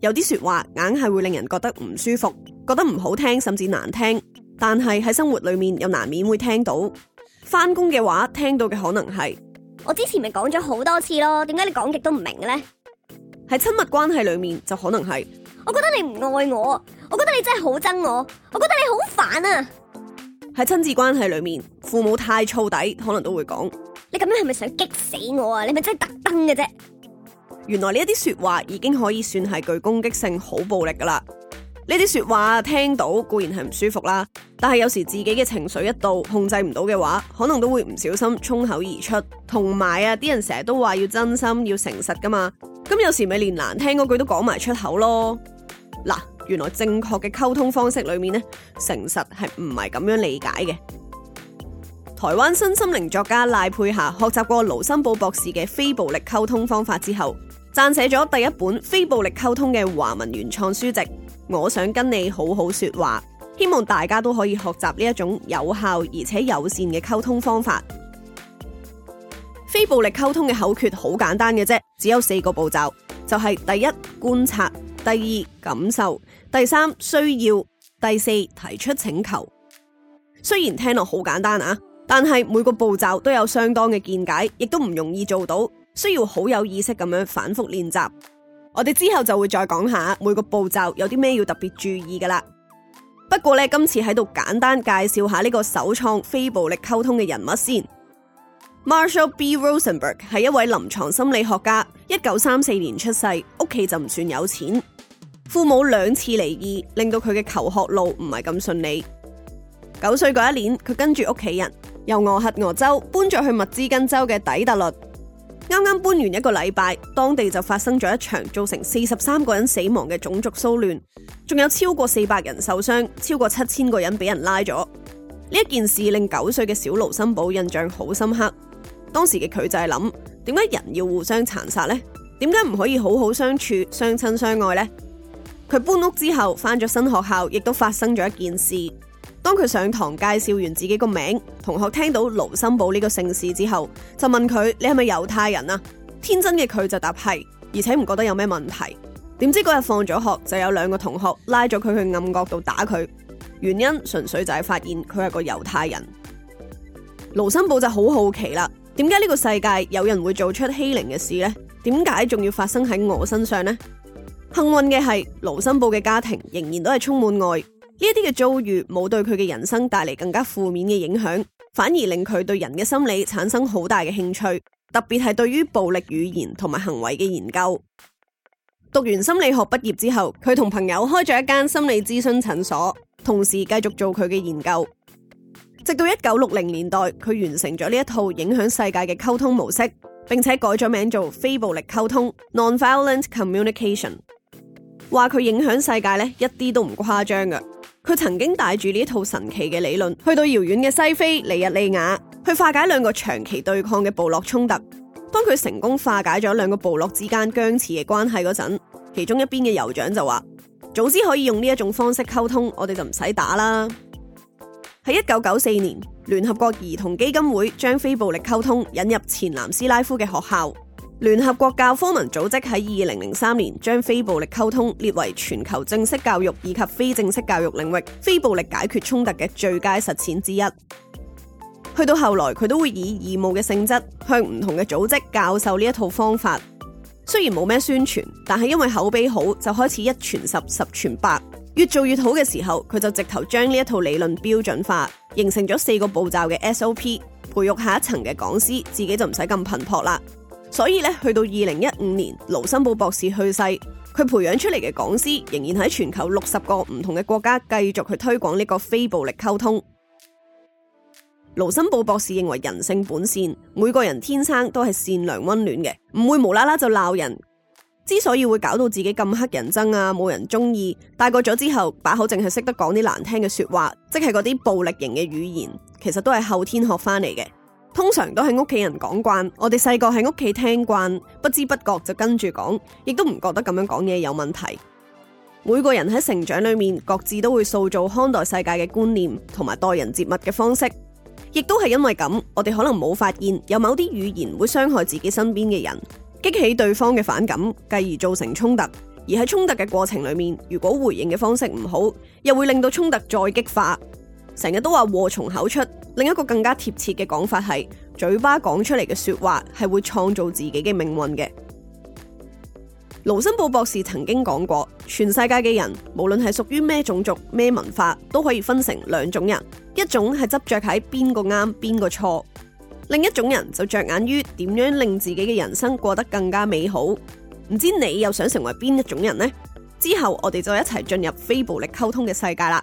有啲說話硬係會令人覺得唔舒服，覺得唔好聽甚至難聽，但係喺生活裏面又難免會聽到。返工嘅話聽到嘅可能係我之前咪講咗好多次咯，點解你講極都唔明嘅咧？喺親密關係裏面就可能係我覺得你唔愛我，我覺得你真係好憎我，我覺得你好煩啊。喺親子關係裏面，父母太燥底，可能都會講你咁樣係咪想激死我啊？你咪真係特登嘅啫。原來呢一啲說話已經可以算係具攻擊性、好暴力噶啦。呢啲說話聽到固然係唔舒服啦，但係有時自己嘅情緒一度控制唔到嘅話，可能都會唔小心衝口而出。同埋啊，啲人成日都話要真心、要誠實噶嘛，咁有時咪連難聽嗰句都講埋出口咯。嗱，原來正確嘅溝通方式裏面呢，誠實係唔係咁樣理解嘅。台灣身心靈作家賴佩霞學習過盧森堡博士嘅非暴力溝通方法之後，撰寫咗第一本非暴力溝通嘅華文原創書籍《我想跟你好好說話》，希望大家都可以學習呢一種有效而且友善嘅溝通方法。非暴力溝通嘅口訣好簡單嘅啫，只有四個步驟，就係第一觀察，第二感受，第三需要，第四提出請求。雖然聽落好簡單啊，但係每個步驟都有相當嘅見解，亦都唔容易做到。需要好有意識咁樣反覆練習。我哋之後就會再講下每個步驟有啲咩要特別注意噶啦。不過呢，今次喺度簡單介紹下呢個首創非暴力溝通嘅人物先。Marshall B. Rosenberg 係一位臨床心理學家，一九三四年出世，屋企就唔算有錢，父母兩次離異，令到佢嘅求學路唔係咁順利。九歲嗰一年，佢跟住屋企人由俄亥俄州搬咗去密芝根州嘅底特律。啱啱搬完一個禮拜，當地就發生咗一場造成四十三個人死亡嘅種族騷亂，仲有超過四百人受傷，超過七千個人俾人拉咗。呢一件事令九歲嘅小盧森堡印象好深刻。當時嘅佢就係諗，點解人要互相殘殺呢？點解唔可以好好相處、相親相愛呢？佢搬屋之後，返咗新學校，亦都發生咗一件事。當佢上堂介紹完自己個名，同學聽到盧森堡呢個姓氏之後，就問佢：你係咪猶太人啊？天真嘅佢就答係，而且唔覺得有咩問題。點知嗰日放咗學，就有兩個同學拉咗佢去暗角度打佢，原因純粹就係發現佢係個猶太人。盧森堡就好好奇啦，點解呢個世界有人會做出欺凌嘅事呢？點解仲要發生喺我身上呢？幸運嘅係，盧森堡嘅家庭仍然都係充滿愛。呢啲嘅遭遇冇對佢嘅人生帶嚟更加負面嘅影響，反而令佢對人嘅心理產生好大嘅興趣，特別係對於暴力語言同埋行為嘅研究。讀完心理學畢業之後，佢同朋友開咗一間心理諮詢診所，同時繼續做佢嘅研究，直到一九六零年代，佢完成咗呢一套影響世界嘅溝通模式，並且改咗名做非暴力溝通 （Nonviolent Communication），話佢影響世界呢，一啲都唔誇張㗎。佢曾經帶住呢一套神奇嘅理論，去到遙遠嘅西非尼日利亞，去化解兩個長期對抗嘅部落衝突。當佢成功化解咗兩個部落之間僵持嘅關係嗰陣，其中一邊嘅酋長就話：早知可以用呢一種方式溝通，我哋就唔使打啦。喺一九九四年，聯合國兒童基金會將非暴力溝通引入前南斯拉夫嘅學校。聯合國教科文組織喺二零零三年將非暴力溝通列為全球正式教育以及非正式教育領域非暴力解決衝突嘅最佳實踐之一。去到後來，佢都會以義務嘅性質向唔同嘅組織教授呢一套方法。雖然冇咩宣傳，但係因為口碑好，就開始一傳十，十傳百，越做越好嘅時候，佢就直頭將呢一套理論標準化，形成咗四個步驟嘅 SOP，培育下一層嘅講師，自己就唔使咁頻撲啦。所以咧，去到二零一五年，盧森堡博士去世，佢培養出嚟嘅講師仍然喺全球六十個唔同嘅國家繼續去推廣呢個非暴力溝通。盧森堡博士認為人性本善，每個人天生都係善良温暖嘅，唔會無啦啦就鬧人。之所以會搞到自己咁乞人憎啊，冇人中意，大個咗之後把口淨係識得講啲難聽嘅說話，即係嗰啲暴力型嘅語言，其實都係後天學翻嚟嘅。通常都係屋企人講慣，我哋細個喺屋企聽慣，不知不覺就跟住講，亦都唔覺得咁樣講嘢有問題。每個人喺成長裏面，各自都會塑造看待世界嘅觀念，同埋待人接物嘅方式。亦都係因為咁，我哋可能冇發現有某啲語言會傷害自己身邊嘅人，激起對方嘅反感，繼而造成衝突。而喺衝突嘅過程裏面，如果回應嘅方式唔好，又會令到衝突再激化。成日都話禍從口出，另一個更加貼切嘅講法係嘴巴講出嚟嘅說話係會創造自己嘅命運嘅。勞森堡博士曾經講過，全世界嘅人無論係屬於咩種族、咩文化，都可以分成兩種人，一種係執着喺邊個啱邊個錯，另一種人就着眼於點樣令自己嘅人生過得更加美好。唔知你又想成為邊一種人呢？之後我哋就一齊進入非暴力溝通嘅世界啦。